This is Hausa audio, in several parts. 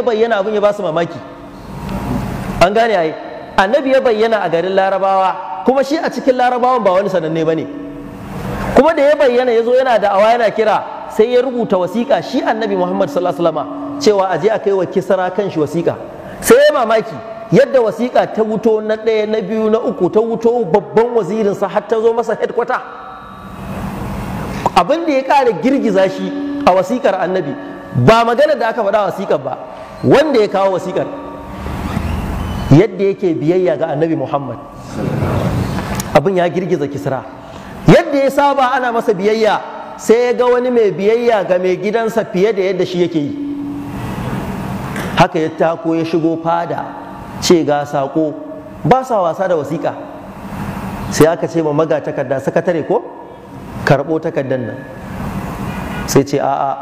ya bayyana abin ya ba su mamaki an gane ai annabi ya bayyana a garin larabawa kuma shi a cikin larabawan ba wani sananne ba kuma da ya bayyana ya zo yana awa yana kira sai ya rubuta wasiƙa shi annabi muhammad sallallahu alaihi cewa a je a kai wa kisra kan shi wasiƙa sai ya mamaki yadda wasiƙa ta wuto na ɗaya na biyu na uku ta wuto babban wazirin wazirinsa har ta zo masa headquarter abin da ya ƙara girgiza shi a wasiƙar annabi ba magana da aka faɗa wasiƙar ba wanda ya kawo wasikar yadda yake biyayya ga annabi muhammad abin ya girgiza kisra yadda ya saba ana masa biyayya sai ya ga wani mai biyayya ga mai gidansa fiye da yadda shi yake yi haka ya tako ya shigo fada ce ga saƙo ba sa wasa da wasiƙa sai aka ce ma maga takarda sakatare ko karɓo takardar nan sai ce a'a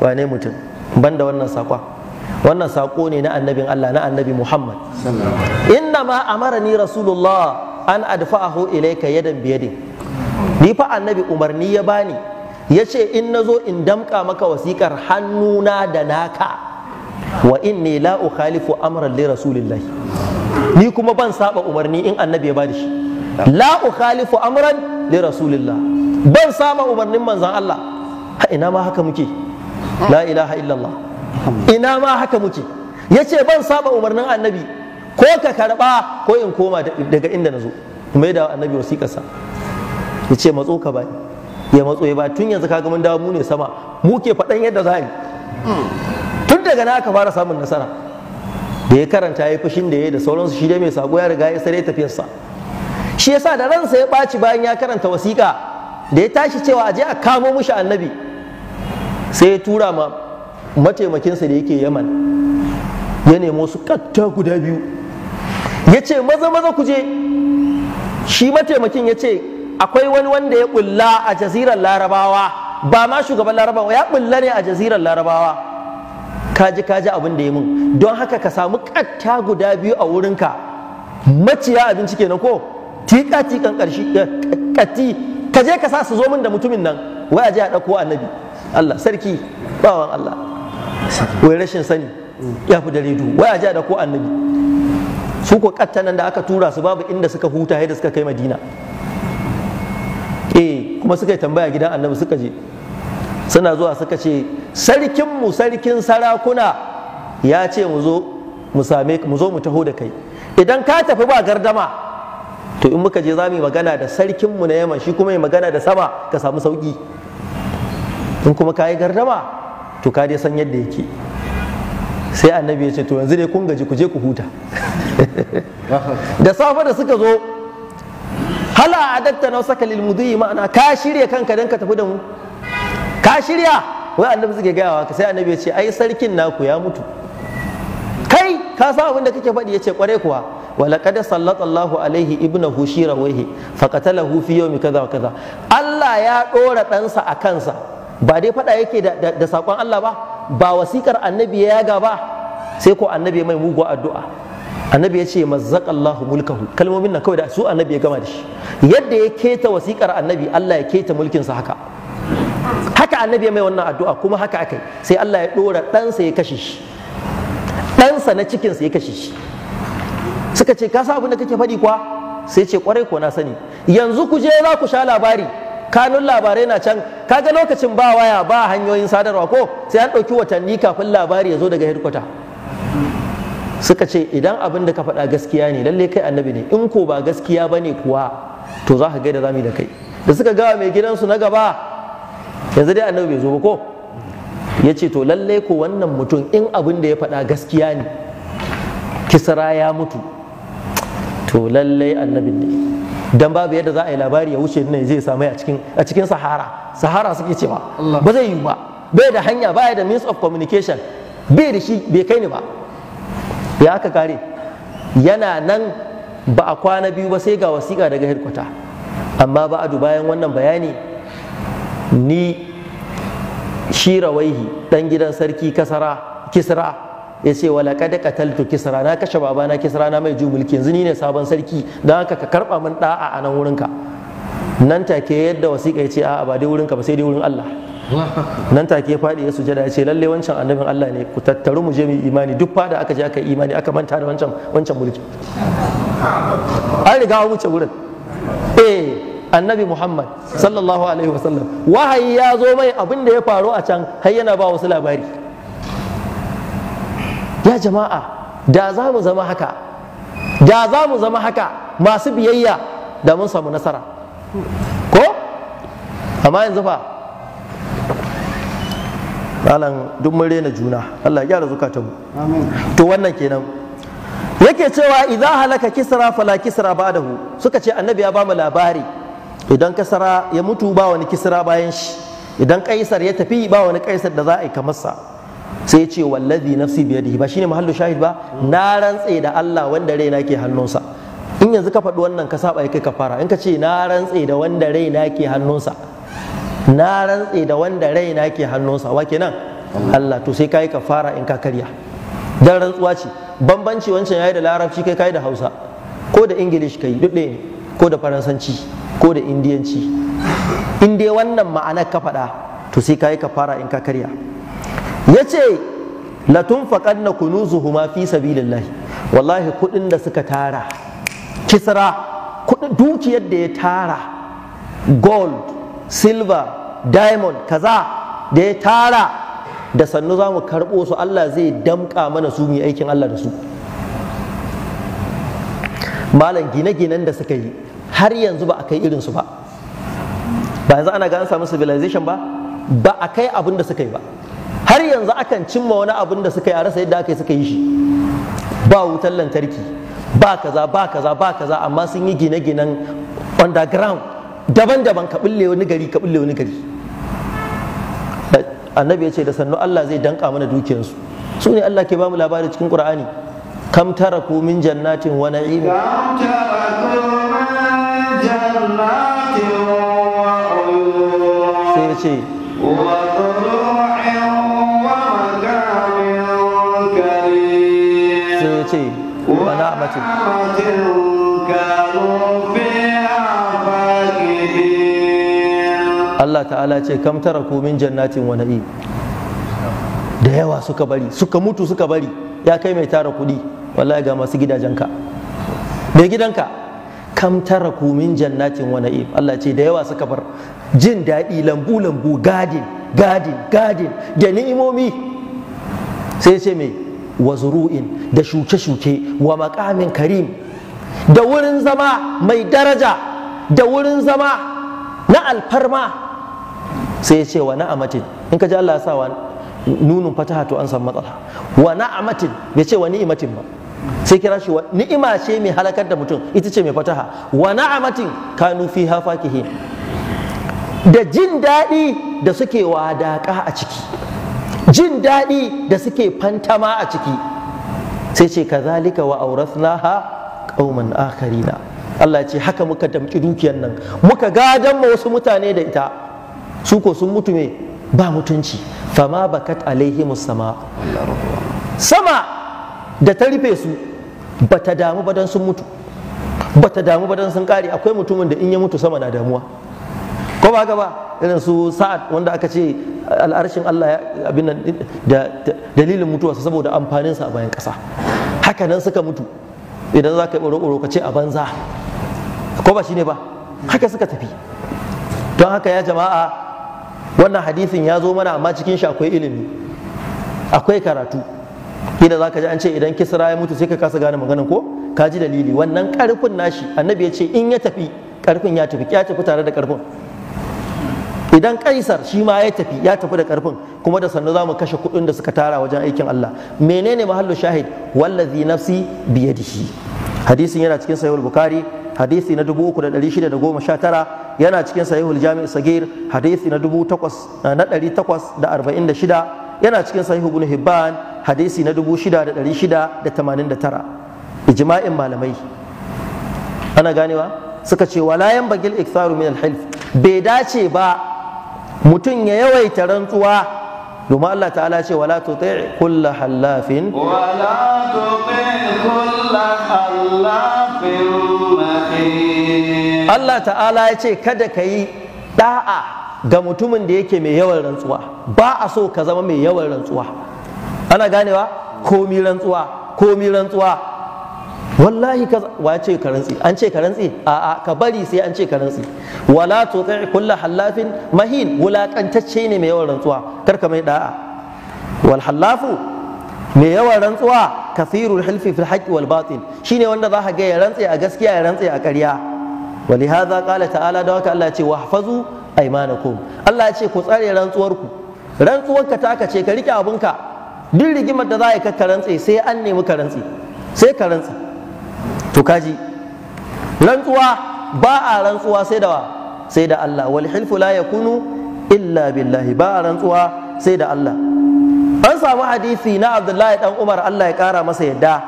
wane mutum banda wannan saƙon wannan saƙo ne na annabin Allah na annabi Muhammad inna ma amarani rasulullah an adfa'ahu ilayka yadan biyadin ni fa annabi umarni ya bani ya ce in nazo in damƙa maka wasiƙar hannuna da naka wa inni la ukhalifu amran li rasulillahi ni kuma ban saba umarni in annabi ya bani shi la ukhalifu amran li rasulillah ban saba umarnin manzon Allah ina ma haka muke la ilaha illallah ina ma haka muke Ya ce ban saba umarnin annabi ko ka karba ko in koma daga inda na zo mai da annabi wasiƙarsa ya ce matso ka bai ya matso ya ba tun yanzu kaga mun dawo mu ne sama mu ke faɗan yadda za a yi tun daga na aka fara samun nasara da ya karanta ya fushin da ya da sauransu shi dai mai sako ya riga ya sare tafiyarsa shi yasa da ransa ya ɓaci bayan ya karanta wasiƙa da ya tashi cewa a je a kamo mushi annabi sai ya tura ma mataimakinsa da yake yaman ya nemo su katta guda biyu ya ce maza maza ku je shi mataimakin ya ce akwai wani wanda ya bulla a jazirar larabawa ba ma shugaban larabawa ya bulla ne a jazirar larabawa kaji kaji abin da ya mun don haka ka samu katta guda biyu a wurinka maciya abinci kenan ko tika tikan karshe eh, kati ka je ka sa su zo min da mutumin nan wai a je a dauko annabi Allah sarki bawan Allah wai rashin sani ya fi dalidu wai a jiya da ko annabi su ko kattanan da aka tura su babu inda suka huta yadda suka kai madina eh kuma suka yi tambaya gidan annabi suka je suna zuwa suka ce sarkinmu sarkin sarakuna ya ce mu zo mu same mu zo mu taho da kai idan ka tafi ba gardama to in muka je za mu yi magana da sarkinmu na yamma shi kuma yi magana da sama ka samu sauki in kuma ka yi gardama to ka dai san yadda yake sai annabi ya ce to yanzu dai kun gaji ku je ku huta da safe da suka zo hala adatta na saka lil yi ma'ana ka shirya kanka dan ka tafi da mu ka shirya wai annabi suke gayawa ka sai annabi ya ce ai sarkin naku ya mutu kai ka san abin da kake faɗi ya ce kwarai kuwa ولقد sallallahu alaihi عليه ابنه شيرا ويه yau في kaza kaza kaza. Allah ya ɗora ɗansa a kansa. ba dai faɗa yake da saƙon Allah ba ba wasiƙar annabi ya yaga ba sai ko annabi mai mugu addu'a annabi ya ce mazzaqallahu mulkahu kalmomin nan kawai da su annabi ya gama da shi yadda ya keta wasiƙar annabi Allah ya keta mulkin sa haka haka annabi mai wannan addu'a kuma haka akai sai Allah ya dora ɗansa ya kashe shi ɗansa na cikinsa ya kashe shi suka ce ka sa abin da kake faɗi kwa sai ce kwarai ko na sani yanzu ku je za ku sha labari kanun labarai na can kaga lokacin ba waya ba hanyoyin sadarwa ko sai an ɗauki watanni kafin labari ya zo daga hirkwata suka ce idan abin da ka faɗa gaskiya ne lalle kai annabi ne in ko ba gaskiya ba ne kuwa to za ka gaida zami da kai da suka gawa mai gidansu na gaba yanzu dai annabi bai zo ba ko ya ce to lalle ko wannan mutum in abin da ya faɗa gaskiya ne kisra ya mutu to lallai annabin ne dan babu yadda za a yi labari ya wuce nan zai samu a cikin a cikin sahara sahara suke cewa ba zai yi ba bai da hanya ba da means of communication bai da shi bai kai ni ba ya aka kare yana nan ba a kwana biyu ba sai ga wasiƙa daga hirkwata amma ba duba bayan wannan bayani ni shi rawaihi dan gidan sarki kasara kisra ya ce wala kada kataltu kisra na kashe baba na kisra na mai mulki yanzu ni ne sabon sarki don haka ka karba min da'a a nan wurinka nan take yadda wasiƙa ya ce a'a ba dai wurinka ba sai dai wurin Allah nan take faɗi ya sujada ya ce lalle wancan annabin Allah ne ku tattaru mu je mu imani duk fada aka je aka yi imani aka manta da wancan wancan mulki an riga an wuce wurin eh annabi Muhammad sallallahu alaihi wasallam wahayi ya zo mai abin da ya faru a can har yana ba wasu labari ya jama'a da za mu zama haka da za mu zama haka masu biyayya da mun samu nasara ko amma yanzu fa malam duk mun rena juna Allah ya ta mu, to wannan kenan yake cewa idza halaka kisra fala kisra ba'dahu suka ce annabi ya ba mu labari idan kasara ya mutu ba wani kisra bayan shi idan kaisar ya tafi ba wani kaisar da za a yi kamar sai ce wallazi nafsi biyadihi ba shine mahallu shahid ba na rantse da Allah wanda raina ke hannunsa in yanzu ka faɗi wannan ka saba kai kafara in ka ce na rantse da wanda raina ke hannunsa na rantse da wanda raina ke hannunsa wa kenan Allah to sai kai kafara in ka karya dan rantsuwa ce bambanci wancan yayi da larabci kai kai da Hausa ko da English kai yi ne ko da Faransanci ko da Indiyanci in dai wannan ma'anar ka faɗa to sai kai kafara in ka karya ya ce latun faƙan na kunuzuhuma fi sabilillahi wallahi kuɗin da suka tara kisra dukiyar da ya tara gold silver diamond kaza da ya tara da sannu za mu karɓo su Allah zai damƙa mana su mu aikin Allah da su malam gine-ginen da suka yi har yanzu ba a kai irinsu ba ba yanzu ana ga an samu civilization ba ba a kai abin da suka yi ba har yanzu akan cimma wani abun da suka yi a rasa yadda aka yi suka yi shi ba wutar lantarki ba kaza ba kaza ba kaza amma sun yi gine-ginen underground daban-daban ka bulle wani gari ka bulle wani gari annabi ya ce da sannu Allah zai danka mana dukiyarsu su ne Allah ke ba mu labari cikin Qur'ani kam taraku min jannatin wa na'im sai ya ce ce Allah ta'ala ce kam tara min jannatin wa na'i da yawa suka bari suka mutu suka bari ya kai mai tara kuɗi wallahi ga masu gidajenka mai gidanka kam tara min jannatin wa na'i Allah ce da yawa suka bar jin daɗi lambu lambu gadin gadin gadin da ni'imomi sai ce mai wa zuru'in da shuke-shuke wa makamin karim da wurin zama mai daraja da wurin zama na alfarma sai ya ce wa na'amatin in ka ji Allah sa wa nunun fataha to an san matsala wa na'amatin bai ce wa ni'imatin ba sai kira shi wa ni'ima ce mai halakar da mutum ita ce mai fataha wa na'amatin kanu fiha fakihin da jin daɗi da suke wadaƙa a ciki jin daɗi da suke fantama a ciki sai ce kazalika wa aurasnaha qauman akharina Allah ce haka muka damki dukiyar nan muka gadon ma wasu mutane da ita su ko sun mutu me ba mutunci fama bakat alaihi sama sama da ta rufe su bata damu ba don sun mutu bata damu ba don sun kare akwai mutumin da in ya mutu sama na damuwa ko ba gaba irin su sa'ad wanda aka ce al'arshin Allah ya abin nan da dalilin mutuwarsa saboda sa a bayan ƙasa haka nan suka mutu idan za ka yi roƙo ka ce a banza ko ba shi ba haka suka tafi don haka ya jama'a wannan hadisin ya zo mana amma cikin shi akwai ilimi akwai karatu idan za ka ji an ce idan kisra ya mutu sai ka kasa gane maganin ko ka ji dalili wannan karfin nashi annabi ya ce in ya tafi karfin ya tafi ya tafi tare da karfin idan kaisar shi ma ya tafi ya tafi da karfin kuma da sannu za mu kashe kuɗin da suka tara wajen aikin Allah menene mahallu shahid wallazi nafsi biyadihi hadisin yana cikin sahih bukhari hadisi na 3619 yana cikin sahihul jami' sagir hadisi na 846 eh, yana cikin sahihu ibn hibban hadisi na 6689 ijma'in malamai ana ganewa suka ce wala yan bagil iktharu min al bai dace ba mutum ya yawaita rantsuwa domin Allah ta'ala ce wala tuti kulla hallafin wala tuti kulla hallafin Allah ta'ala ya ce kada ka yi da'a ga mutumin da yake mai yawan rantsuwa ba a so ka zama mai yawan rantsuwa ana ganewa komi rantsuwa komi rantsuwa wallahi ka wa ce ka rantsi an ce ka rantsi a a ka bari sai an ce ka rantsi wala tuti kullu hallafin mahin wulakantacce ne mai yawan rantsuwa kar ka mai da'a wal hallafu mai yawan rantsuwa kathirul hilfi fil haqqi wal batil shine wanda za ka ga ya rantsi a gaskiya ya rantsi a ƙarya ولهذا haka? Allah دوك الله يقول واحفظوا ايمانكم الله ce ku tsare rantsuwarku rantsuwarka ta ka ce ka rike abunka duk rigimar da za ka rantse sai an nemi ka sai rantse to kaji rantsuwa ba a rantsuwa sai da sai da Allah wal hilfu la yakunu illa billahi ba a rantsuwa sai da Allah an samu hadisi na Abdullahi dan Umar Allah ya kara masa yadda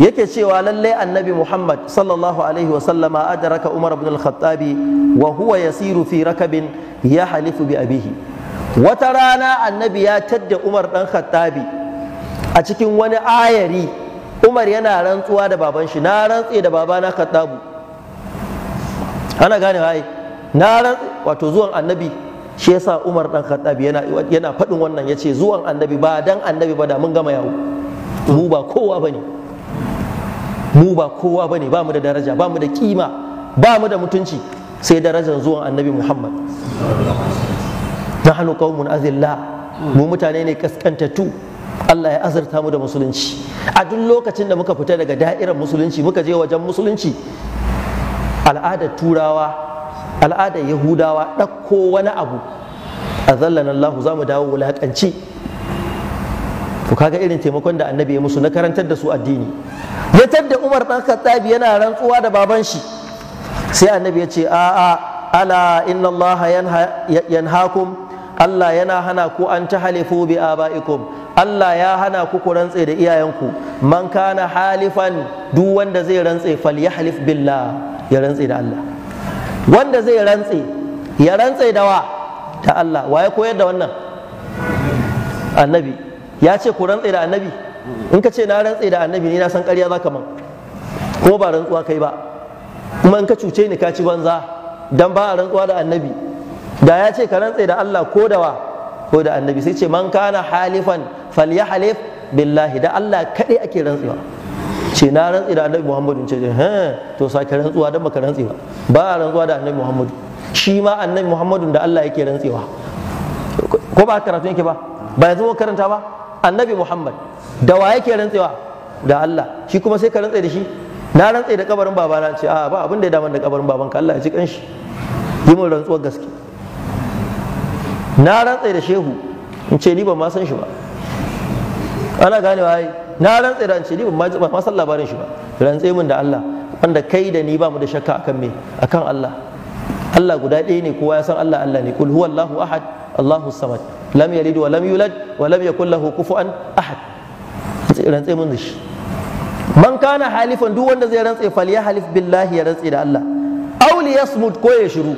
yake cewa lallai annabi Muhammad sallallahu alaihi wa sallama adraka Umar ibn al-Khattab wa huwa yasiru fi rakabin ya halifu bi abihi wata rana annabi ya tadda Umar dan Khattabi a cikin wani ayari umar yana rantsuwa da baban shi na rantse da babana khattabu ana gane hai na rantse wato zuwan annabi shi yasa umar dan khattabi yana yana fadin wannan yace zuwan annabi ba dan annabi ba da mun gama yawo mu ba kowa bane mu ba kowa bane ba mu da daraja ba mu da kima ba mu da mutunci sai darajar zuwan annabi muhammad nahnu qaumun azilla mu mutane ne kaskantattu Allah ya azurta mu da musulunci a duk lokacin da muka fita daga da'irar musulunci muka je wajen musulunci al'adar turawa al'adar yahudawa ɗakko wani abu a zallan Allah za mu dawo wulaƙanci to kaga irin taimakon da annabi ya musu na karantar da su addini ya tadda Umar ɗan Khattabi yana rantsuwa da baban shi sai annabi ya ce a'a ala inna Allah yanha Allah yana hana ku an tahalifu bi abaikum Allah ya hana ku ku rantse da iyayenku man kana halifan duk wanda zai rantse falyahlif billah ya rantse da Allah wanda zai rantse ya rantse da wa da Allah wa ya koyar da wannan annabi ya ce ku rantse da annabi in ka ce na rantse da annabi ne na san ƙarya za ka man ko ba rantsuwa kai ba kuma in ka cuce ni ka ci banza dan ba a rantsuwa da annabi da ya ce ka rantse da Allah ko da wa ko da annabi sai ce man kana halifan falyahlif billahi da Allah kaɗai ake rantsuwa ce na rantsi da annabi muhammadu ce eh to sake rantsuwa dan baka rantsewa ba rantsuwa da annabi muhammadu shi ma annabi muhammadu da Allah yake rantsuwa ko ba karatu yake ba ba yanzu karanta ba annabi muhammad da wa yake rantsuwa da Allah shi kuma sai ka rantsa da shi na rantsa da kabarin babana ce a ba abin da ya daman da kabarin babanka Allah ya ji kanshi yi mun rantsuwar gaske na rantsa da shehu in ce ni ba ma san shi ba ana gane wa ai na rantse da an ce ni ban ma san labarin shi ba rantse mun da Allah wanda kai da ni ba mu da shakka akan me akan Allah Allah guda ɗaya ne kowa ya san Allah Allah ne kul huwallahu ahad Allahu samad lam yalid wa lam yulad wa lam yakul lahu kufuwan ahad rantse mun da shi man kana halifan duk wanda zai rantse fal ya halif billahi ya rantse da Allah aw yasmut ko ya shiru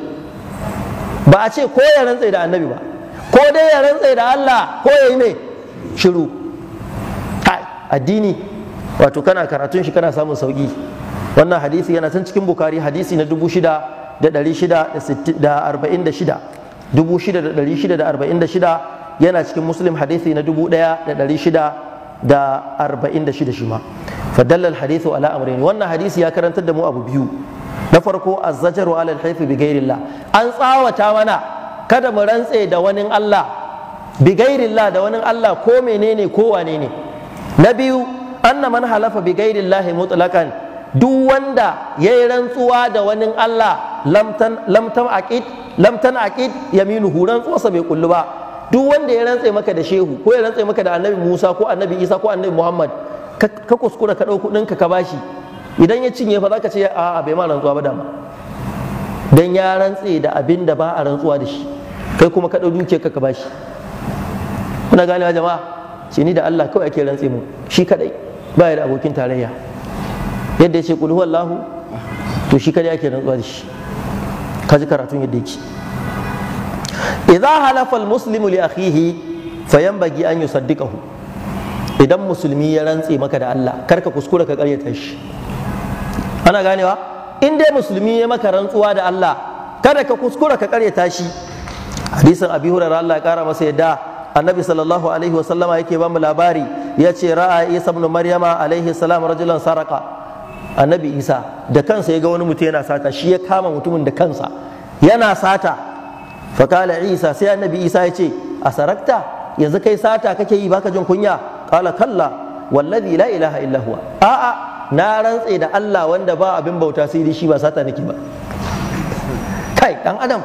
ba a ce ko ya rantse da annabi ba ko dai ya rantse da Allah ko ya yi me shiru addini wato kana karatun shi kana samun sauki wannan hadisi yana can cikin bukari hadisi na 6646 6646 yana cikin muslim hadisi na 1646 shi ma fadallal hadithu ala amrin wannan hadisi ya karantar da mu abu biyu na farko azzajaru ala alhaifi bi ghairillah an tsawata mana kada mu rantse da wani Allah bi ghairillah da wani Allah ko menene ko wane ne na biyu anna man halafa bi lahi mutlaqan duk wanda yi rantsuwa da wani Allah lamtan lamtan aqid lamtan aqid yaminuhu rantsuwarsa bai kullu ba duk wanda ya rantsa maka da shehu ko ya rantsa maka da annabi Musa ko annabi Isa ko annabi Muhammad ka kuskura ka ɗau ɗinka ka bashi idan ya cinye fa zaka ce a bai ma rantsuwa ba dama dan ya rantse da abin da ba a rantsuwa da shi kai kuma ka ɗau dukiyarka ka bashi kuna ganewa jama'a shi ni da Allah kawai ake rantse mu shi kadai ba ya da abokin tarayya yadda ya ce kul huwallahu to shi kadai ake rantsuwa da shi kaji karatun yadda yake idza halafa almuslimu li akhihi fayanbaghi an yusaddiqahu idan musulmi ya rantse maka da Allah kar ka kuskura ka karyata shi ana ganewa in dai musulmi ya maka rantsuwa da Allah kada ka kuskura ka karyata shi hadisin abi hurairah Allah ya kara masa yadda annabi sallallahu alaihi wasallama yake ba mu labari ya ce ra'a isa ibn maryama alaihi salam rajulan saraka annabi isa da kansa ya ga wani mutum yana sata shi ya kama mutumin da kansa yana sata fakala isa sai annabi isa ya ce a sarakta yanzu kai sata kake yi baka jin kunya kala kalla wallazi la ilaha illa huwa a'a na rantse da Allah wanda ba abin bauta sai dai shi ba sata nake ba kai dan adam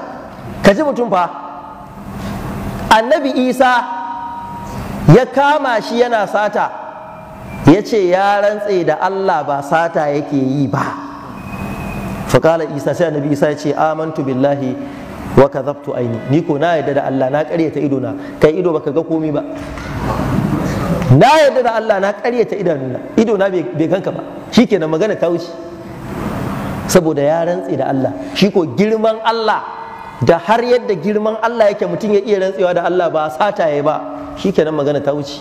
ka ji mutum fa annabi isa ya kama shi yana sata ya ce ya rantse da allah ba sata yake yi ba fakala isa sai annabi isa ya ce amantu billahi wa kadhabtu aini ni ko na yarda da allah na karyata idona kai ido baka ga komi ba na yarda da Allah na karyata idanuna idona bai ganka ba shikenan magana ta wuce saboda ya rantse da Allah shi ko girman Allah da har yadda girman Allah yake mutum ya iya rantsewa da Allah ba sata ya ba shi kenan magana ta wuce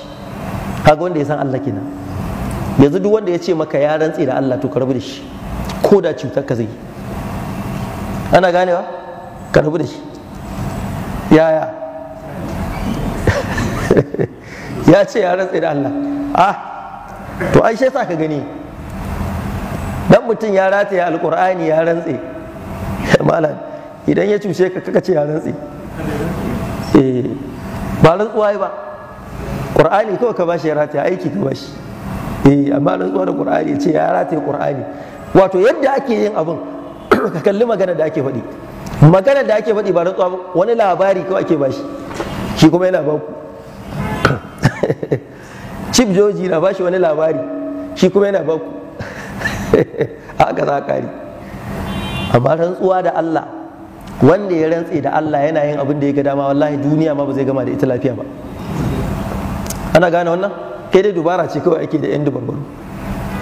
kaga wanda ya san Allah kenan yanzu duk wanda ya ce maka ya rantse da Allah to ka rabu da shi ko da cutar ka zai ana ganewa ka rabu da shi yaya ya ce ya rantse da Allah ah to ai sai sa ka gani dan mutum ya rataya alqur'ani ya rantse malam idan ya cuce ka kaka ce ya rantsi eh ba rantsuwa ba qur'ani kawai ka bashi ya rataya aiki ka bashi eh amma rantsuwa da qur'ani ce ya rataya qur'ani wato yadda ake yin abin ka kalli magana da ake faɗi magana da ake faɗi ba rantsuwa ba wani labari kawai ake bashi shi kuma yana ku chief joji na bashi wani labari shi kuma yana baku a haka za a kari amma rantsuwa da Allah wanda ya rantse da Allah yana yin abin da ya ga dama wallahi duniya ma ba zai gama da ita lafiya ba ana gane wannan kai dai dubara ce kawai ake da yan dubarbaru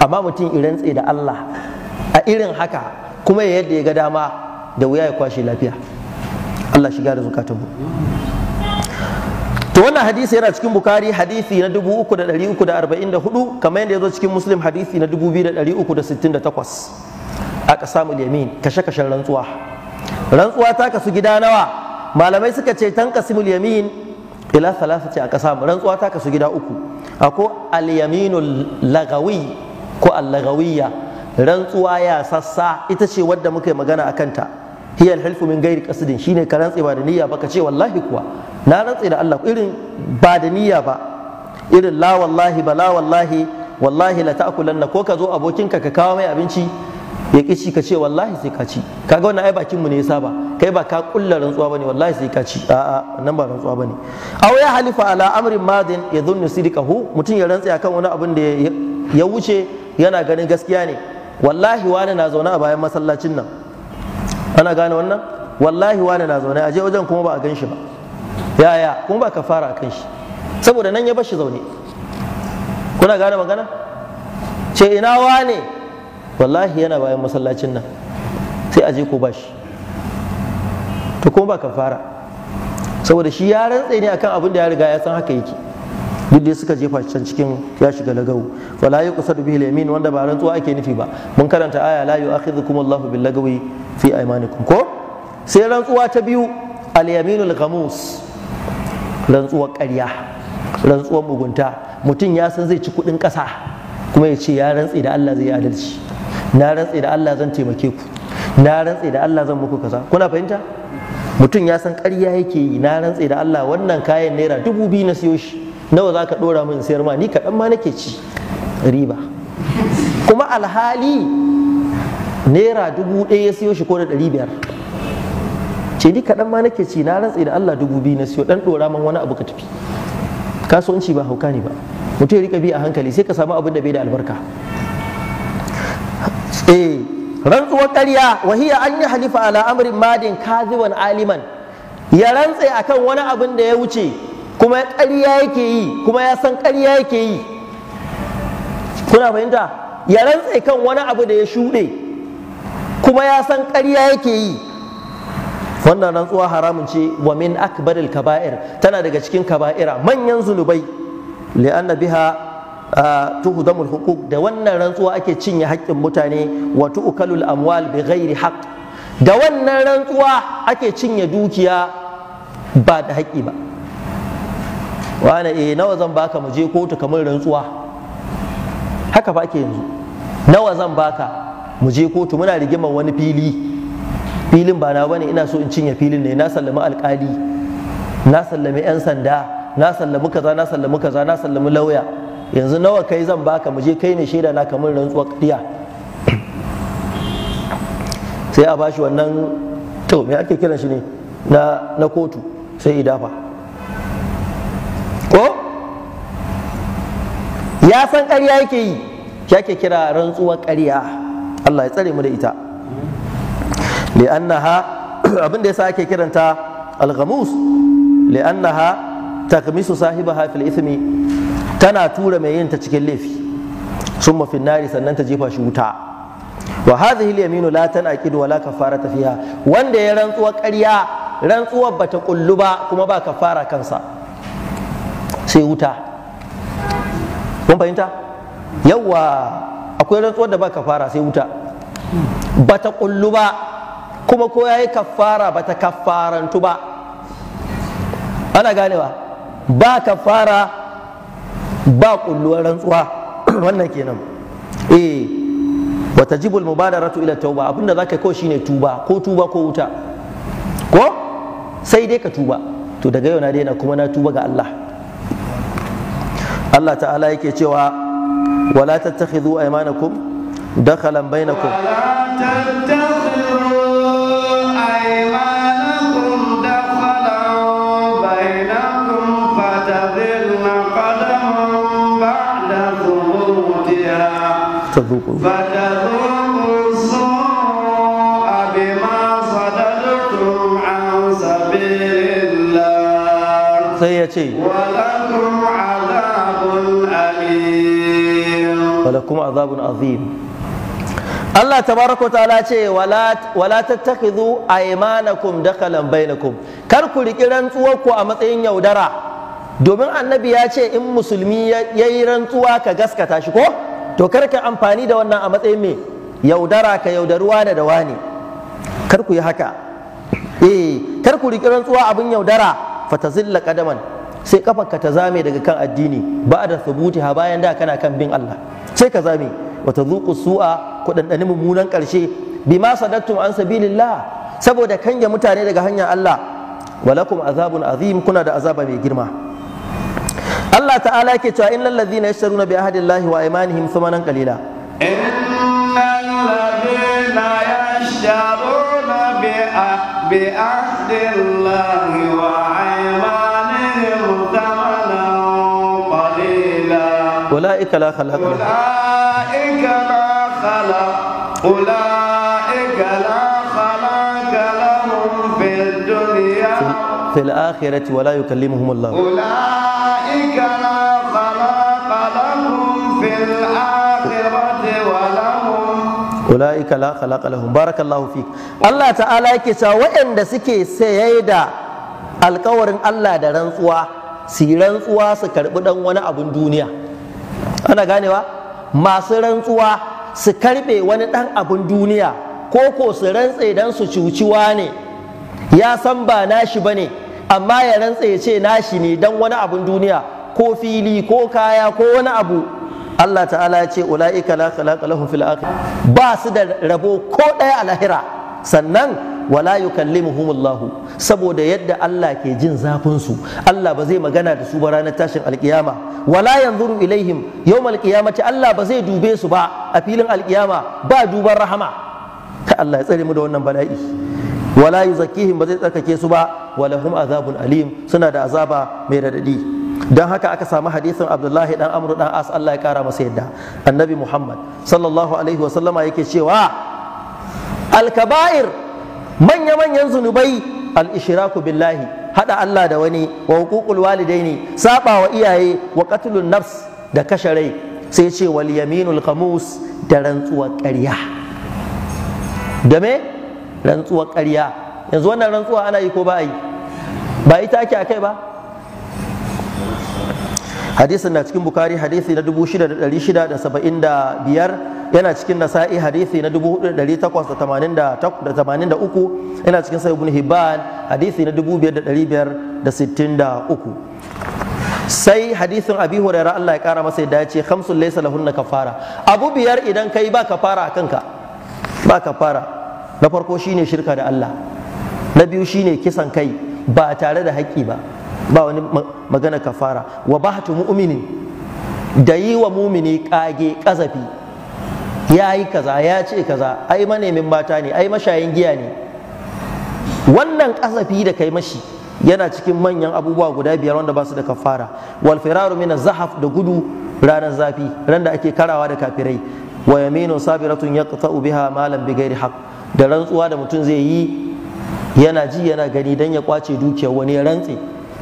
amma mutum ya rantse da Allah a irin haka kuma ya yadda ya ga dama da wuya ya kwashe lafiya Allah shiga da mu to wannan hadisi yana cikin bukari hadisi na 3344 kamar yadda ya zo cikin muslim hadisi na 2368 a ƙasa yamin kashe-kashen rantsuwa rantsuwa ta kasu gida nawa malamai suka ce tan kasimul yamin ila thalathati a kasa rantsuwa ta kasu gida uku ako al yaminul lagawi ko al lagawiyya rantsuwa ya sassa ita ce wadda muka yi magana akan ta hiya alhilfu min ghairi qasdin shine ka rantse ba da niyya ba ka ce wallahi kuwa na rantse da Allah irin ba da niyya ba irin la wallahi ba la wallahi wallahi la ta'kulanna ko ka zo abokinka ka kawo mai abinci ya ƙi ci ka ce wallahi sai ka ci kaga wannan ai bakinmu ne ya saba kai ba ka kulla rantsuwa bane wallahi sai ka ci a'a nan ba rantsuwa bane aw ya halifa ala amrin madin yadhunnu sidqahu mutum ya rantsa akan wani abin da ya wuce yana ganin gaskiya ne wallahi wani na zaune a bayan masallacin nan ana gane wannan wallahi wani na zaune a je wajen kuma ba a gan shi ba yaya kuma ba ka fara akan shi saboda nan ya bar shi zaune kuna gane magana ce ina wane wallahi yana bayan masallacin nan sai a je ko bashi to kuma ba kafara saboda shi ya rantse ne akan abin da ya riga ya san haka yake duk da suka jefa can cikin ya shiga lagawu wala yuqsadu bihi al-yamin wanda ba rantsuwa ake nufi ba mun karanta aya la yu'akhidhukum Allahu bil lagawi fi aymanikum ko sai rantsuwa ta biyu al al ghamus rantsuwar ƙarya rantsuwar mugunta mutum ya san zai ci kuɗin kasa kuma ya ce ya rantse da Allah zai adalci na rantse da Allah zan taimake ku na rantse da Allah zan muku kaza kuna fahimta mutum ya san ƙarya yake yi na rantse da Allah wannan kayan naira dubu biyu na siyo shi nawa za ka ɗora min sayar ma ni kaɗan ma nake ci riba kuma alhali naira dubu ɗaya ya siyo shi ko da ɗari biyar ce ni kaɗan ma nake ci na rantse da Allah dubu biyu na siyo ɗan ɗora min wani abu ka tafi kasuwanci ba hauka ne ba mutum ya rika bi a hankali sai ka samu abin da bai da albarka eh rantsuwar ƙarya wahiya an yi halifa ala amrin madin kaziban aliman ya rantse akan wani abin da ya wuce kuma ƙarya yake yi kuma ya san ƙarya yake yi kuna fahimta ya rantse kan wani abu da ya shuɗe kuma ya san ƙarya yake yi wannan rantsuwa haramun ce wa min akbaril kaba'ir tana daga cikin kaba'ira manyan zunubai li'anna biha tuhudamul hukuk da wannan rantsuwa ake cinye haƙƙin mutane wa tu'kalul amwal bi ghairi haqq da wannan rantsuwa ake cinye dukiya ba da haƙƙi ba wani eh nawa zan baka mu je kotu kamar rantsuwa haka fa ake yanzu nawa zan baka mu je kotu muna rigimar wani fili filin ba na bane ina so in cinye filin ne na sallami alƙali na sallami 'yan sanda na sallami kaza na sallami kaza na sallami lauya yanzu nawa kai zan baka mu je kai ne shaida na kamar rantsuwar ƙarya sai a bashi wannan to me ake kiran shi ne na kotu sai idafa ko ya san ƙarya yake yi ake kira rantsuwar ƙarya Allah ya tsare mu da ita annaha abin da yasa ake kiranta al-ghamus annaha takmisu sahibaha fil ithmi tana tura mai yin ta cikin laifi sun mafin nari sannan ta jefa shi wuta wa hadhihi al-yaminu la tanqidu wa la ta fiha wanda ya rantsuwa ƙarya rantsuwar bata kullu ba kuma ba kafara kansa sai wuta kun fahimta yawa akwai rantsuwar da ba kafara sai wuta bata kullu ba kuma ko yayi kafara bata kafarantu ba ana ganewa ba kafara ba kulluwar rantsuwa wannan kenan eh wa tajibu al-mubadaratu ila tauba abinda zaka kawai shine tuba ko tuba ko wuta ko sai dai ka tuba to daga yau na daina kuma na tuba ga Allah Allah ta'ala yake cewa wala tattakhidhu aymanakum dakhalan bainakum wala فذوقوا ولكم عذاب أليم ولكم عذاب عظيم Allah tabaraka ta'ala ce wala tattakhidhu aymanakum dakalan bainakum kar ku riki rantsuwar ku a matsayin yaudara domin annabi ya ce in musulmi yayi rantsuwa ka gaskata shi ko to kar ka amfani da wannan a matsayin me yaudara ka yaudari wane da wane kar ku yi haka eh kar ku riƙi rantsuwa abin yaudara fa zilla qadaman sai ka ta zame daga kan addini ba da ha bayan da kana kan bin Allah sai ka zame wa tazuqu su'a ku dandani mummunan karshe bima sadattum an sabilillah saboda kanya mutane daga hanyar Allah walakum azabun azim kuna da azaba mai girma Allah ta'ala yake cewa innal ladhina yashtaruna bi ahdillahi wa aymanihim thumanan qalila innal ladhina yashtaruna bi bi ahdillahi wa aymanihim thumanan qalila ulaika la khalaqa ulaika la khalaqa في الآخرة ولا يكلمهم الله أولئك لا خلاق لهم في الآخرة ولهم أولئك لا خلاق لهم بارك الله فيك الله تعالى يكتا وإن دسكي سيدا alkawarin Allah da rantsuwa su yi rantsuwa su karɓi ɗan wani abun duniya ana ganewa masu rantsuwa su karɓe wani ɗan abun duniya ko ko su rantse don su cuci ne ya san ba nashi ba ne amma ya rantsa ya ce nashi ne dan wani abun duniya ko fili ko kaya ko wani abu Allah ta'ala ya ce ula'ika la khalaqa lahum fil akhirah ba su da rabo ko ɗaya a lahira sannan wala yukallimuhumullahu saboda yadda Allah ke jin zafin su Allah ba zai magana da su ba ranar tashin alkiyama wala yanzuru ilaihim yawmal qiyamati Allah ba zai dube su ba a filin alkiyama ba duban rahama ta Allah ya tsare mu da wannan bala'i wala zakihin ba zai tsarkake su ba walahum azabun alim suna da azaba mai radadi dan haka aka samu hadisin Abdullahi dan amru dan As Allah ya kara masa yadda Annabi Muhammad sallallahu alaihi sallama yake cewa al-kaba'ir manya manyan zunubai al-ishraku billahi hada Allah da wani wa huququl walidaini saba wa iyaye wa qatlun nafs da kashe rai sai ce wal yaminul khamus da rantsuwar ƙarya da me rantsuwar ƙarya yanzu wannan rantsuwa ana yi ko ba a yi ba ita ake a kai ba hadisin na cikin bukari hadisi na biyar yana cikin nasa'i hadisi na uku yana cikin sai ibn hibban hadisi na uku. sai hadisin abi hurairah Allah ya kara masa yadda ya ce khamsul laysa lahunna kafara abu biyar idan kai ba kafara akan ka ba kafara na farko shine shirka da Allah na biyu shine kisan kai ba tare da haƙƙi ba ba wani magana kafara wa bahtu mu'mini da yi wa mumini kage kazafi ya yi kaza ya ce kaza ai manemin mata ne ai mashayin giya ne wannan kazafi da kai mashi yana cikin manyan abubuwa guda biyar wanda ba su da kafara wal firaru min zahaf da gudu ranar zafi ran da ake karawa da kafirai wa yaminu sabiratun yaqta'u biha malan bi ghairi haqq da rantsuwa da mutum zai yi yana ji yana gani dan ya kwace dukiyar wani ya rantse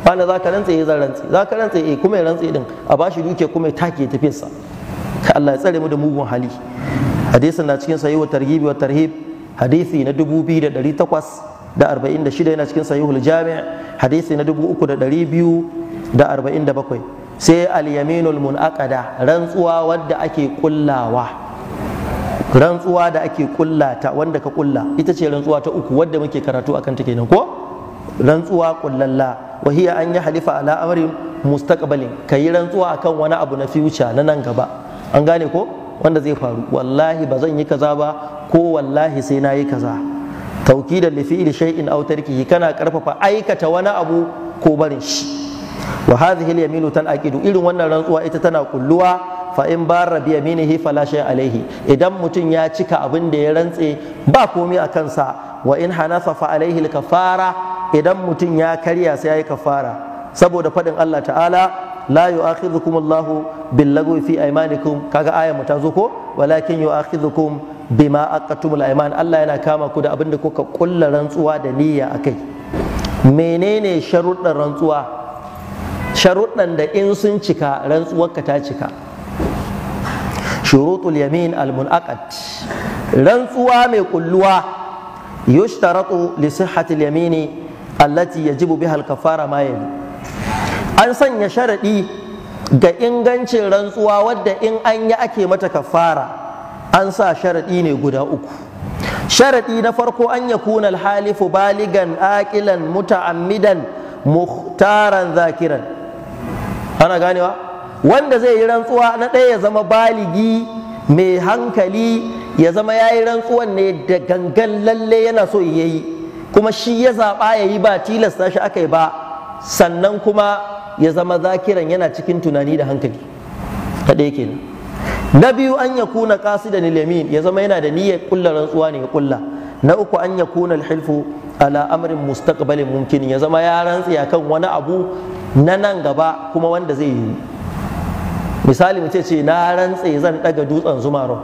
wani za ka rantse ya eh, zan rantse za ka rantse eh kuma ya rantse din a bashi dukiyar kuma ya take tafiyarsa ka Allah ya tsare mu da mugun hali hadisin na cikin sahihu tarhibi wa tarhib hadisi na 2846 yana cikin sahihul jami' hadisi na 3247 sai al-yaminul munaqada rantsuwa wadda ake kullawa rantsuwa da ake kulla ta wanda ka kulla ita ce rantsuwa ta uku wadda muke karatu akan take nan, ko rantsuwa kullalla wa hiya an yi halifa ala amri mustaqbalin kayi rantsuwa akan wani abu na future na nan gaba an gane ko wanda zai faru wallahi ba zan yi kaza ba ko wallahi sai na yi kaza taukidan li fi'li shay'in aw tarkihi kana karfafa aikata wani abu ko barin shi wa hadhihi al-yaminu tan aqidu irin wannan rantsuwa ita tana kulluwa fa in barra bi yaminihi hi alaihi idan mutum ya cika abin da ya rantse ba komai a kansa wa in hanafa fa alaihi kafara idan mutum ya karya sai ya yi kafara saboda faɗin Allah ta'ala la yu'akhidhukum Allahu bil lagwi fi aymanikum kaga aya mu ta zo ko walakin yu'akhidhukum bima tumu ayman Allah yana kama ku da abin da kuka kulla rantsuwa da niyya akai menene sharuɗan rantsuwa sharuɗan da in sun cika rantsuwarka ta cika shurutul yamin al-munaqat rantsuwa mai kulluwa yushtaratu li sihhatil yamini allati yajibu biha al-kafara ma yali an sanya sharadi ga ingancin rantsuwa wadda in an yi ake mata kafara an sa sharadi ne guda uku sharadi na farko an yakuna al-halifu baligan aqilan muta'ammidan muhtaran zakiran ana ganewa wanda zai yi rantsuwa na ɗaya ya zama baligi mai hankali ya zama ya yi rantsuwan ne da gangan lalle yana so ya yi kuma shi ya zaɓa ya yi ba tilasta shi aka yi ba sannan kuma ya zama zakiran yana cikin tunani da hankali ta ɗaya kenan na biyu an ya kuna ƙasi da nilamin ya zama yana da niyyar kulla rantsuwa ne ya kulla na uku an ya kuna alhilfu ala amrin mustaqbalin mumkin ya zama ya rantsi akan wani abu na nan gaba kuma wanda zai yi misali mace ce na rantse zan daga dutsen zuma rock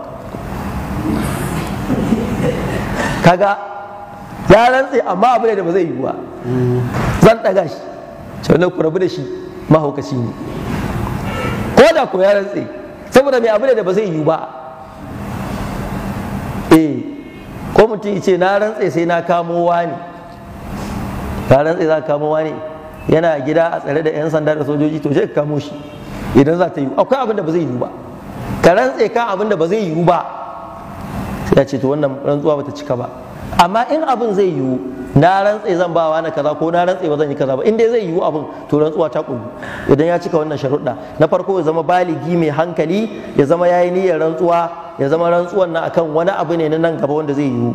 kaga ya rantse amma abu ne da ba zai yi ba zan daga shi sai na kurabu da shi mahaukaci ne ko da ko ya rantse saboda mai abu ne da ba zai yi ba eh ko mutum ce na rantse sai na kamo wani ka rantse za ka kamo wani yana gida a tsare da 'yan sanda da sojoji to sai ka kamo shi idan za ta yi akwai abin da ba zai yi ba ka rantse ka abinda da ba zai yi ba sai ya ce to wannan rantsuwa bata cika ba amma in abin zai yiwu na rantse zan ba wa na kaza ko na rantse ba zan yi kaza ba in dai zai yiwu abin to rantsuwa ta kugu idan ya cika wannan sharuɗa na farko ya zama baligi mai hankali ya zama yayi niyyar rantsuwa ya zama rantsuwan na akan wani abu ne na nan gaba wanda zai yiwu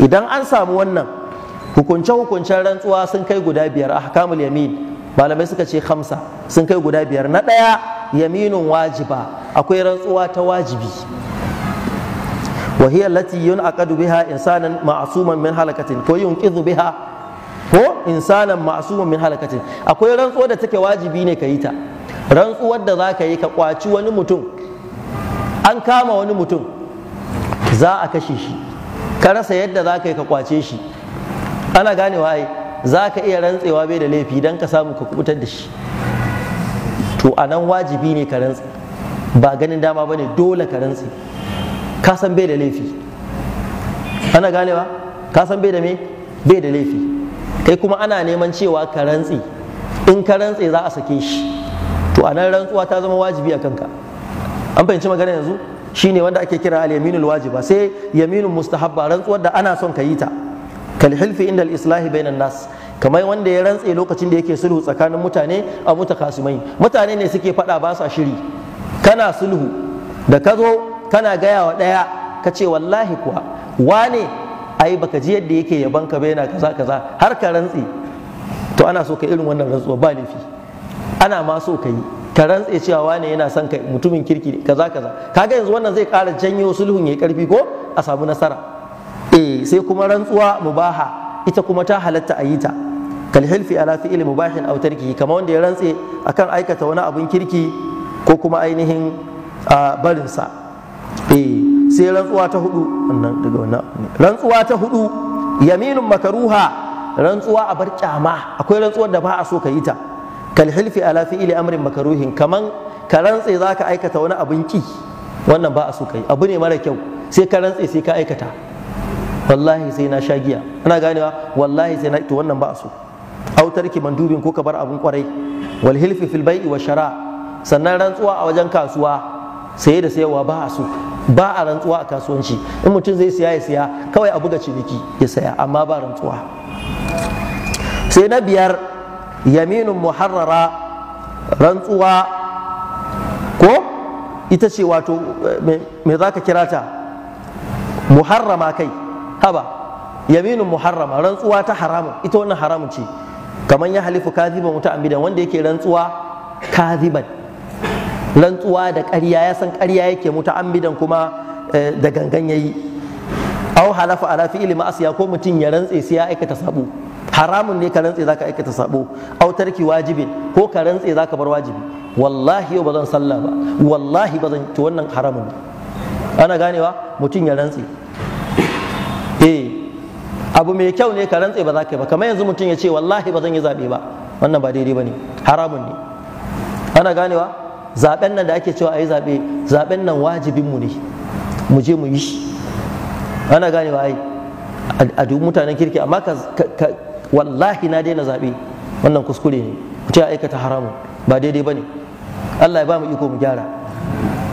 idan an samu wannan hukunce hukuncen rantsuwa sun kai guda biyar a ahkamul yamin malamai suka ce hamsa sun kai guda biyar na ɗaya yaminun wajiba akwai rantsuwa ta wajibi وهي التي ينعقد بها إنسانا معصوما من هلكة كو بها ko insanan min halakatin akwai rantsuwa da take wajibi ne ka yi ta rantsuwar da za ka yi ka kwaci wani mutum an kama wani mutum za a kashe shi ka rasa yadda za ka yi ka kwace shi ana ganewa ai za ka iya rantsewa bai da laifi don ka samu ka kubutar da shi to a nan wajibi ne ka rantse ba ganin dama ba dole ka rantse ka san bai da laifi ana ganewa ka san bai da me bai da laifi kai kuma ana neman cewa ka rantse in ka rantse za a sake shi to a nan rantsuwa ta zama wajibi a kanka an fahimci magana yanzu shine wanda ake kira al-yaminul wajiba sai yaminul mustahabba rantsuwar da ana son ka yi ta kalhilfi hilfi inda islahi bainan nas kamar wanda ya rantse lokacin da yake sulhu tsakanin mutane a mutakasumai mutane ne suke faɗa ba sa shiri kana sulhu da ka zo kana gaya wa ɗaya ka ce wallahi kuwa wane ai baka ji yadda yake yaban ka bai yana kaza kaza har ka rantse to ana so ka irin wannan rantsuwa ba laifi ana ma so ka yi ka rantse cewa wane yana son ka mutumin kirki kaza kaza kaga yanzu wannan zai kara janyo sulhun ya karfi ko a samu nasara sai kuma rantsuwa mubaha ita kuma ta halatta a yi ta kal hilfi ala fi'li mubahin aw tarkihi kamar wanda ya rantse akan aikata wani abin kirki ko kuma ainihin barinsa eh sai rantsuwa ta hudu wannan daga wannan rantsuwa ta hudu yaminun makaruha rantsuwa a bar kyama akwai rantsuwar da ba a so ka yi ta kal hilfi ala fi'li amrin makaruhin kaman ka rantse zaka aikata wani abin ki wannan ba a so ka yi abu ne mara kyau sai ka rantse sai ka aikata wallahi sai na sha giya ana ganewa wallahi sai na to wannan ba a so autar ki mandubin ko ka bar abun kwarai wal hilfi fil bai'i wa shara sannan rantsuwa a wajen kasuwa saye da sayarwa ba a so ba a rantsuwa a kasuwanci in mutum zai siya ya siya kawai a buga ciniki ya saya amma ba rantsuwa sai na biyar yaminun muharrara rantsuwa ko ita ce wato eh, me za ka kira ta muharrama kai haba yaminun muharrama rantsuwa ta haramun ita wannan haramun ce kamar ya halifu kaziban wata ambidan wanda yake rantsuwa kaziban rantsuwa da ƙarya ya san ƙarya yake muta ambidan kuma eh, da gangan yayi aw halafa ala fi'li ma'asiya ko mutum ya rantse sai ya aikata sabo haramun ne ka rantse zaka aikata sabo aw tarki wajibin ko ka rantse zaka bar wajibi wallahi yau zan sallah ba wallahi zan to wannan haramun ana ganewa mutum ya rantse eh abu mai kyau ne ka rantse ba za ka yi ba kamar yanzu mutum ya ce wallahi ba zan yi zaɓe ba wannan ba daidai ba ne haramun ne ana ganewa zaɓen nan da ake cewa a yi zaɓe zaɓen nan wajibinmu ne mu je mu yi shi ana ganewa ai a duk mutanen kirki amma ka wallahi na daina zaɓe wannan kuskure ne mutum ya aikata haramun ba daidai ba ne Allah ya ba mu iko mu gyara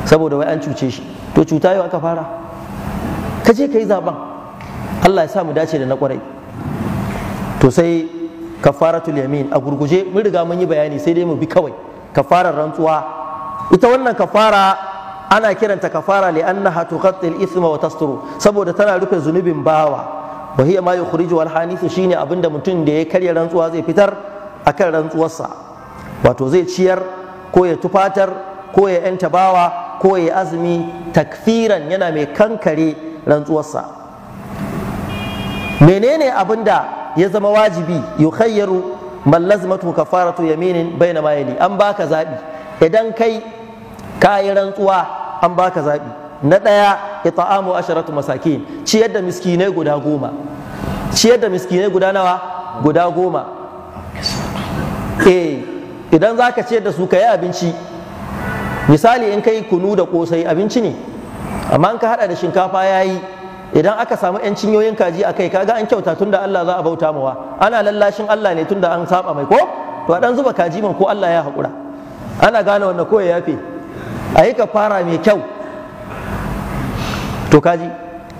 saboda wai an cuce shi to cuta yau aka fara ka je ka yi zaɓen Allah ya sa mu dace da na kwarai to sai kafaratul yamin a gurguje mun riga mun yi bayani sai dai mu bi kawai kafarar rantsuwa ita wannan kafara ana kiranta kafara li annaha tuqatti al-ithma wa tasturu saboda tana rufe zunubin bawa wa hiya ma yukhriju al hanith shine abinda mutum da ya karya rantsuwa zai fitar akan rantsuwarsa wato zai ciyar ko ya tufatar ko ya yanta bawa ko ya azumi takfiran yana mai kankare rantsuwarsa menene abin da ya zama wajibi yukhayyaru man lazmatu kafaratu yaminin baina mayali an baka zabi idan kai yi rantsuwa an baka zabi na daya ita'amu asharatu masakin ciyar da miskinai guda goma ciyar da miskinai guda nawa guda goma eh idan zaka ciyar da su yi abinci misali in kai kunu da kosai abinci ne amma in ka hada da shinkafa yayi idan aka samu yan cinyoyin kaji a kai kaga an kyauta tunda Allah za a bauta mawa ana lallashin Allah ne tunda an saba mai ko to a dan zuba kaji man ko Allah ya hakura ana gane wannan ko ya yafe a yi fara mai kyau to kaji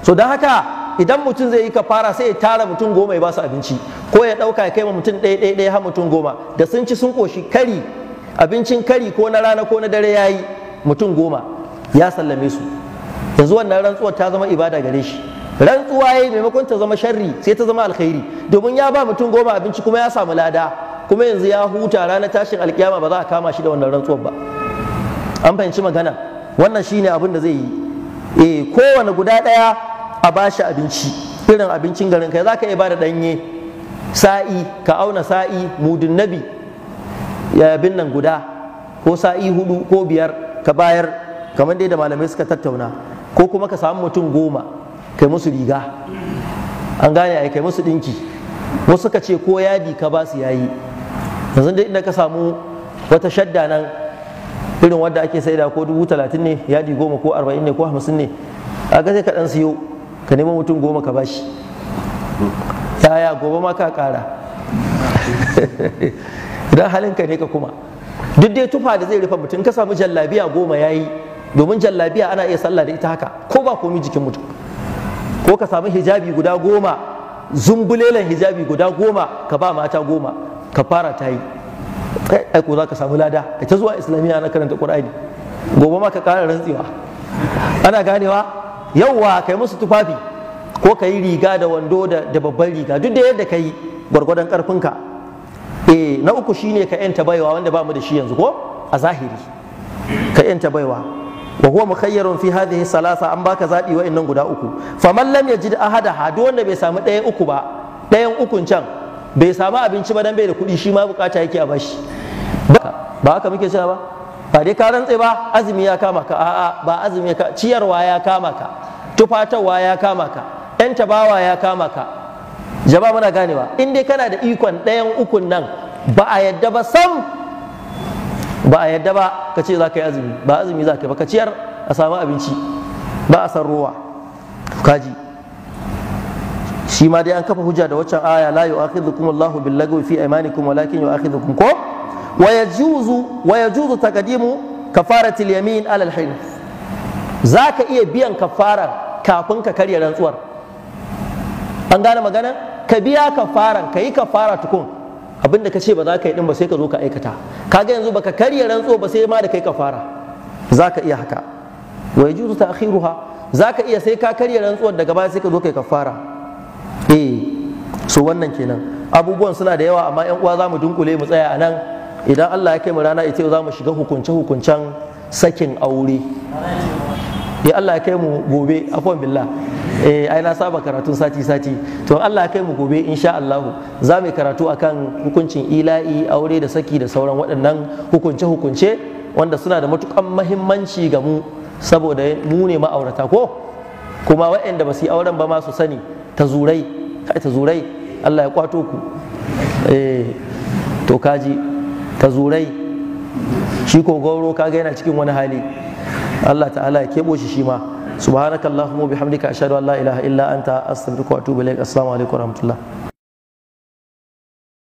so don haka idan mutum zai yi ka fara sai ya tara mutum goma ya ba su abinci ko ya ɗauka ya kai mutum ɗaya ɗaya ɗaya har mutum goma da sun ci sun koshi kari abincin kari ko na rana ko na dare ya yi mutum goma ya sallame su yanzu wannan rantsuwar ta zama ibada gare shi rantsuwa yayi maimakon ta zama sharri sai ta zama alkhairi domin ya ba mutum goma abinci kuma ya samu lada kuma yanzu ya huta ranar tashin alkiyama ba za a kama shi da wannan rantsuwar ba an fahimci magana wannan shine abin da zai yi eh kowane guda daya a bashi abinci irin abincin garin kai zaka iya bada danye sa'i ka auna sa'i mudun nabi ya bin nan guda ko sa'i hudu ko biyar ka bayar kamar dai da malamai suka tattauna ko kuma ka samu mutum goma kai musu riga an gane ai kai musu dinki wasu ka ce ko yadi ka ba su yayi yanzu dai inda ka samu wata shadda nan irin wanda ake saida ko dubu talatin ne yadi goma ko arba'in ne ko hamsin ne a ga sai ka dan siyo ka nemo mutum goma ka bashi yaya gobe ma ka kara? idan halinka ne ka kuma duk dai tufa da zai rufe mutum ka samu jallabiya goma yayi domin jallabiya ana iya sallah da ita haka ko ba komi jikin mutum ko ka samu hijabi guda goma zumbulelen hijabi guda goma ka ba mata goma ka fara ta yi ai ko za ka samu lada ai ta zuwa islamiyya na karanta qur'ani gobe ma ka kara rantsewa ana ganewa yauwa kai musu tufafi ko ka yi riga da wando da da babban riga duk da yadda ka yi gwargwadon karfinka eh na uku shine ka yanta baiwa wanda ba mu da shi yanzu ko a zahiri ka yanta baiwa wa huwa mukhayyarun fi hadhihi salasa an baka zabi innan guda uku faman lam yajid ahada hadu wanda bai samu ɗayan uku ba ɗayan ukun can bai samu abinci ba dan bai da kuɗi shi ma bukata yake a bashi ba haka muke cewa ba ba dai ka rantse ba azumi ya kama ka a'a ba azumi ya ciyarwa ya kama ka tufatarwa ya kama ka yan tabawa ya kama ka jaba muna ganewa in dai kana da ikon ɗayan ukun nan ba a yadda ba sam ba a yadda ba ka ce za ka yi azumi ba azumi za ka ba ka ciyar a samu abinci ba a san ruwa kaji shi ma dai an kafa hujja da waccan aya la yu'akhidhukum Allahu bil lagwi fi aymanikum walakin yu'akhidhukum ko wa yajuzu wa yajuzu taqdimu kafarati al yamin ala al hin zaka iya biyan kafara kafin ka karya rantsuwar an gane magana ka biya kafaran ka yi kafara tukun abinda ka ce ba za ka yi din ba sai ka zo ka aikata kaga yanzu baka karya rantsuwa ba sai ma da kai kafara zaka iya haka wa yajuzu ta'khiruha zaka iya sai ka karya rantsuwar daga baya sai ka zo kai kafara eh so wannan kenan abubuwan suna da yawa amma yan uwa za mu dunkule mu tsaya anan. idan Allah ya kai mu rana ita za mu shiga hukunce hukuncen sakin aure ya eh, Allah ya kai mu gobe afwan billah eh ai na saba karatun sati sati to Allah ya kai mu gobe insha Allah za mu karatu akan hukuncin ila'i aure da saki da sauran waɗannan hukunce hukunce wanda suna da matukan mahimmanci ga mu saboda mu ne ma'aurata ko kuma waɗanda ba su yi auren ba ma su sani ta zurai kai ta zurai Allah ya kwato ku eh to kaji ta zurai shi ko gauro kaga yana cikin wani hali Allah ta'ala ya keɓo shi shi ma subhanakallahumma bihamdika ashhadu an la ilaha illa anta astaghfiruka wa atubu ilaik assalamu alaikum wa rahmatullah